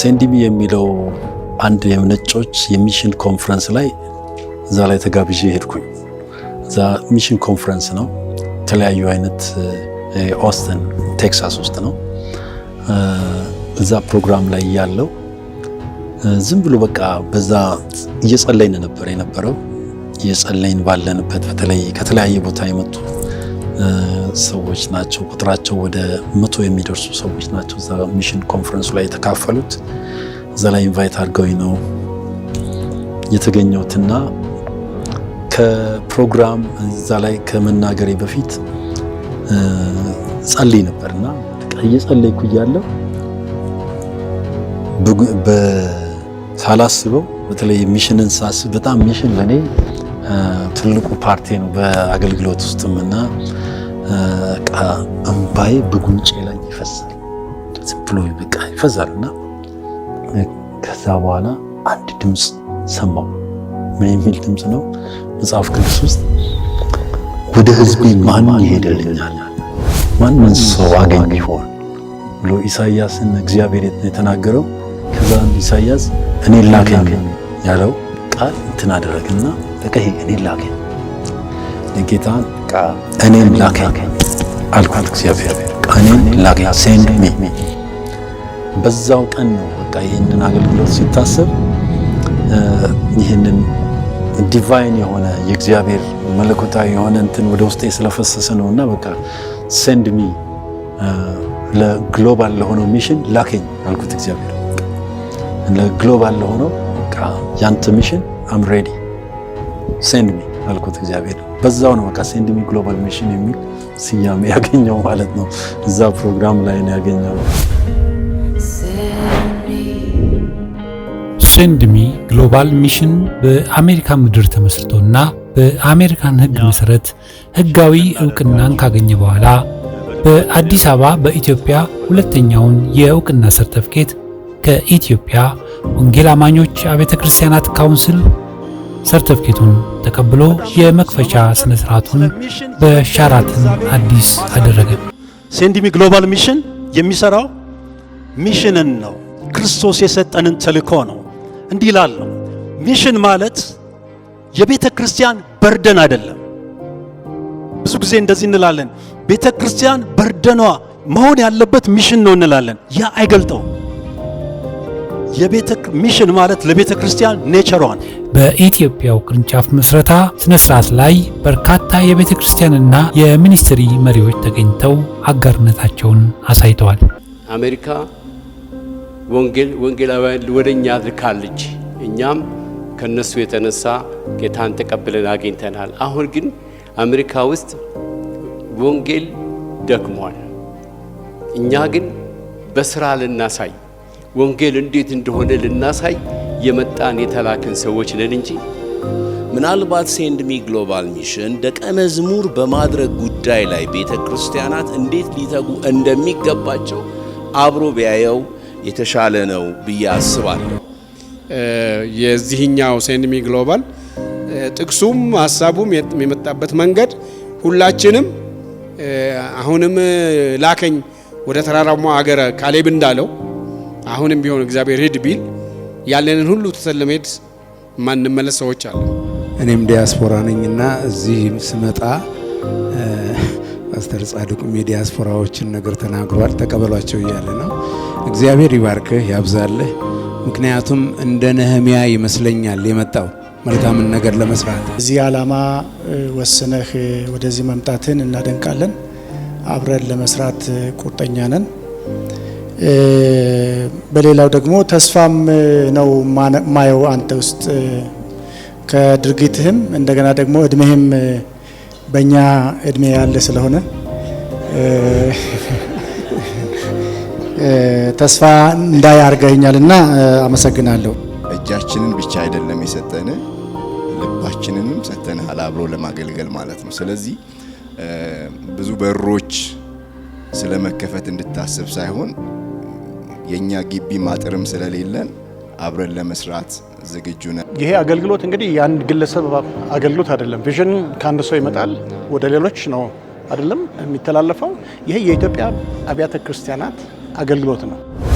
ሴንዲሚ የሚለው አንድ የነጮች የሚሽን ኮንፈረንስ ላይ እዛ ላይ ተጋብዤ ሄድኩኝ። እዛ ሚሽን ኮንፈረንስ ነው የተለያዩ አይነት ኦስተን ቴክሳስ ውስጥ ነው። እዛ ፕሮግራም ላይ ያለው ዝም ብሎ በቃ በዛ እየጸለይን ነበር የነበረው። እየጸለይን ባለንበት በተለይ ከተለያየ ቦታ የመጡ ሰዎች ናቸው። ቁጥራቸው ወደ መቶ የሚደርሱ ሰዎች ናቸው እዛ ሚሽን ኮንፈረንሱ ላይ የተካፈሉት። እዛ ላይ ኢንቫይት አድርገውኝ ነው የተገኘሁትና ከፕሮግራም እዛ ላይ ከመናገሬ በፊት ጸልይ ነበርና እየጸለይኩ እያለሁ ሳላስበው በተለይ ሚሽንን ሳስብ በጣም ሚሽን ለእኔ ትልቁ ፓርቲ ነው በአገልግሎት ውስጥም እና በቃ እምባዬ በጉንጬ ላይ ይፈሳል፣ ዝም ብሎ በቃ ይፈሳል። እና ከዛ በኋላ አንድ ድምፅ ሰማው። ምን የሚል ድምፅ ነው? መጽሐፍ ቅዱስ ውስጥ ወደ ሕዝቤ ማን ማን ምን ሰው አገኝ ይሆን ብሎ ኢሳይያስን እግዚአብሔር የተናገረው ከዛ ኢሳይያስ እኔ ላከኝ ያለው ቃል እንትን አደረግና በቃ እኔ ላከኝ ጌታ እኔም ላከኝ አልኩት። እግዚአብሔር ላከኝ ሴንድ ሚ። በዛው ቀን ነው በቃ ይህንን አገልግሎት ሲታሰብ ይህንን ዲቫይን የሆነ የእግዚአብሔር መለኮታዊ የሆነ እንትን ወደ ውስጤ ስለፈሰሰ ነው እና በቃ ሴንድ ሚ ለግሎባል ለሆነው ሚሽን ላከኝ አልኩት። እግዚአብሔር ለግሎባል ለሆነው ያንተ ሚሽን አም ሬዲ ሴንድ ሚ የተቀበልኩት እግዚአብሔር በዛው ነው። በቃ ሴንድሚ ግሎባል ሚሽን የሚል ስያሜ ያገኘው ማለት ነው። እዛ ፕሮግራም ላይ ነው ያገኘው። ሴንድሚ ግሎባል ሚሽን በአሜሪካ ምድር ተመስርቶና በአሜሪካን ሕግ መሰረት ሕጋዊ እውቅናን ካገኘ በኋላ በአዲስ አበባ በኢትዮጵያ ሁለተኛውን የእውቅና ሰርተፍኬት ከኢትዮጵያ ወንጌል አማኞች አብያተ ክርስቲያናት ካውንስል ሰርተፍኬቱን ተቀብሎ የመክፈቻ ስነ ስርዓቱን በሻራተን አዲስ አደረገ። ሴንዲሚ ግሎባል ሚሽን የሚሰራው ሚሽንን ነው፣ ክርስቶስ የሰጠንን ተልእኮ ነው። እንዲህ ነው ሚሽን ማለት የቤተ ክርስቲያን በርደን አይደለም። ብዙ ጊዜ እንደዚህ እንላለን፣ ቤተ ክርስቲያን በርደኗ መሆን ያለበት ሚሽን ነው እንላለን። ያ አይገልጠውም። የቤተ ሚሽን ማለት ለቤተ ክርስቲያን ኔቸሯን በኢትዮጵያው ቅርንጫፍ ምስረታ ስነ ስርዓት ላይ በርካታ የቤተ ክርስቲያንና የሚኒስትሪ መሪዎች ተገኝተው አጋርነታቸውን አሳይተዋል። አሜሪካ ወንጌል ወንጌላውያን ወደኛ ልካለች። እኛም ከነሱ የተነሳ ጌታን ተቀብለን አግኝተናል። አሁን ግን አሜሪካ ውስጥ ወንጌል ደክሟል። እኛ ግን በስራ ልናሳይ ወንጌል እንዴት እንደሆነ ልናሳይ የመጣን የተላክን ሰዎች ነን እንጂ ምናልባት ሴንድሚ ግሎባል ሚሽን ደቀ መዝሙር በማድረግ ጉዳይ ላይ ቤተ ክርስቲያናት እንዴት ሊተጉ እንደሚገባቸው አብሮ ቢያየው የተሻለ ነው ብዬ አስባለሁ። የዚህኛው ሚ ግሎባል ጥቅሱም ሀሳቡም የመጣበት መንገድ ሁላችንም አሁንም ላከኝ ወደ ተራራማ አገረ ካሌብ እንዳለው አሁንም ቢሆን እግዚአብሔር ሂድ ቢል ያለንን ሁሉ ትተን ለመሄድ ማንመለስ ሰዎች አለ። እኔም ዲያስፖራ ነኝና እዚህ ስመጣ ፓስተር ጻድቁም የዲያስፖራዎችን ነገር ተናግሯል። ተቀበሏቸው እያለ ነው። እግዚአብሔር ይባርክህ ያብዛልህ። ምክንያቱም እንደ ነህሚያ ይመስለኛል የመጣው መልካምን ነገር ለመስራት እዚህ ዓላማ ወስነህ ወደዚህ መምጣትን እናደንቃለን። አብረን ለመስራት ቁርጠኛ ነን። በሌላው ደግሞ ተስፋም ነው ማየው አንተ ውስጥ ከድርጊትህም እንደገና ደግሞ እድሜህም በእኛ እድሜ ያለ ስለሆነ ተስፋ እንዳይ አድርገኛል እና አመሰግናለሁ። እጃችንን ብቻ አይደለም የሰጠን ልባችንንም ሰጥተንሃል አብሮ ለማገልገል ማለት ነው። ስለዚህ ብዙ በሮች ስለመከፈት እንድታስብ ሳይሆን የእኛ ግቢ ማጥርም ስለሌለን አብረን ለመስራት ዝግጁ ነን። ይሄ አገልግሎት እንግዲህ የአንድ ግለሰብ አገልግሎት አይደለም። ቪዥን ከአንድ ሰው ይመጣል ወደ ሌሎች ነው አይደለም የሚተላለፈው። ይሄ የኢትዮጵያ አብያተ ክርስቲያናት አገልግሎት ነው።